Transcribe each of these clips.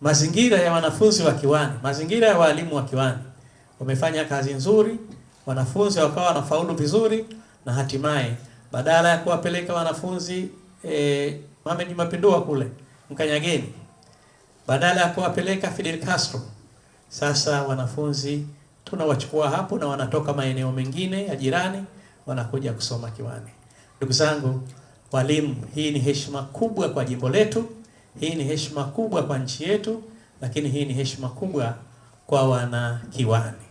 Mazingira ya wanafunzi wa Kiwani, mazingira ya walimu wa Kiwani wamefanya kazi nzuri, wanafunzi wakawa wanafaulu vizuri, na hatimaye badala ya kuwapeleka wanafunzi eh, Mohamed Mapindua kule Mkanyageni, badala ya kuwapeleka Fidel Castro, sasa wanafunzi tunawachukua hapo na wanatoka maeneo mengine ya jirani wanakuja kusoma Kiwani. Ndugu zangu walimu, hii ni heshima kubwa kwa jimbo letu. Hii ni heshima kubwa kwa nchi yetu, lakini hii ni heshima kubwa kwa wanakiwani.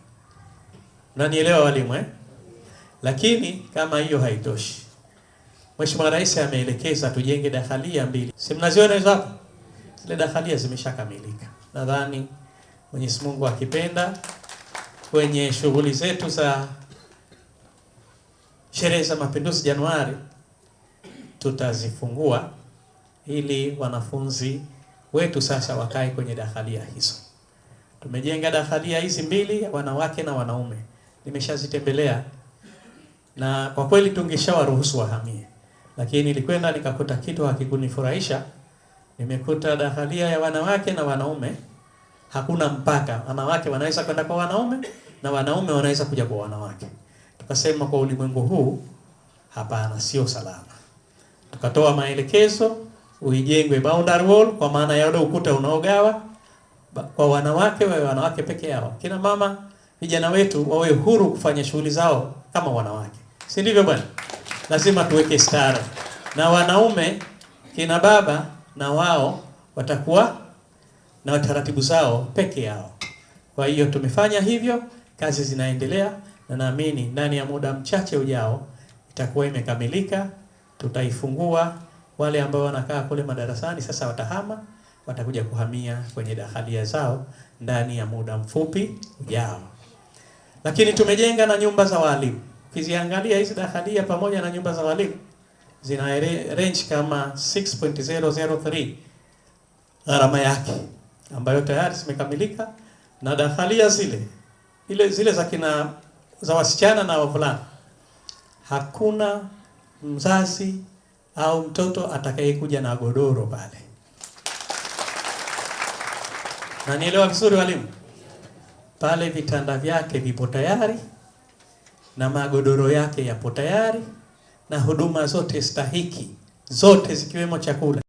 nanielewa walimu eh? Lakini kama hiyo haitoshi, Mheshimiwa Rais ameelekeza tujenge dakhalia mbili, si mnaziona hizo hapo? Zile dakhalia zimeshakamilika, nadhani Mwenyezi Mungu akipenda, kwenye shughuli zetu za sherehe za Mapinduzi Januari tutazifungua ili wanafunzi wetu sasa wakae kwenye dakhalia hizo. Tumejenga dakhalia hizi mbili, wanawake na wanaume, nimeshazitembelea na kwa kweli tungeshawaruhusu wahamie, lakini nilikwenda nikakuta kitu hakikunifurahisha. Nimekuta dakhalia ya wanawake na wanaume hakuna mpaka, wanawake wanaweza kwenda kwa wanaume na wanaume wanaweza kuja kwa wanawake. Tukasema kwa ulimwengu huu hapana, sio salama. Tukatoa maelekezo uijengwe boundary wall, kwa maana ya ule ukuta unaogawa kwa wanawake, wawe wanawake peke yao. Kina mama vijana wetu wawe huru kufanya shughuli zao kama wanawake, si ndivyo bwana? Lazima tuweke stara, na wanaume kina baba na wao watakuwa na taratibu zao peke yao. Kwa hiyo tumefanya hivyo, kazi zinaendelea, na naamini ndani ya muda mchache ujao itakuwa imekamilika, tutaifungua wale ambao wanakaa kule madarasani sasa watahama, watakuja kuhamia kwenye dahalia zao ndani ya muda mfupi ujao. Lakini tumejenga na nyumba za walimu. Ukiziangalia hizi dahalia pamoja na nyumba za walimu zina range kama 6.003 gharama yake, ambayo tayari zimekamilika na dahalia zile ile zile za kina za wasichana na wavulana, hakuna mzazi au mtoto atakayekuja na godoro pale. Na nielewa vizuri walimu, pale vitanda vyake vipo tayari na magodoro yake yapo tayari na huduma zote stahiki zote zikiwemo chakula.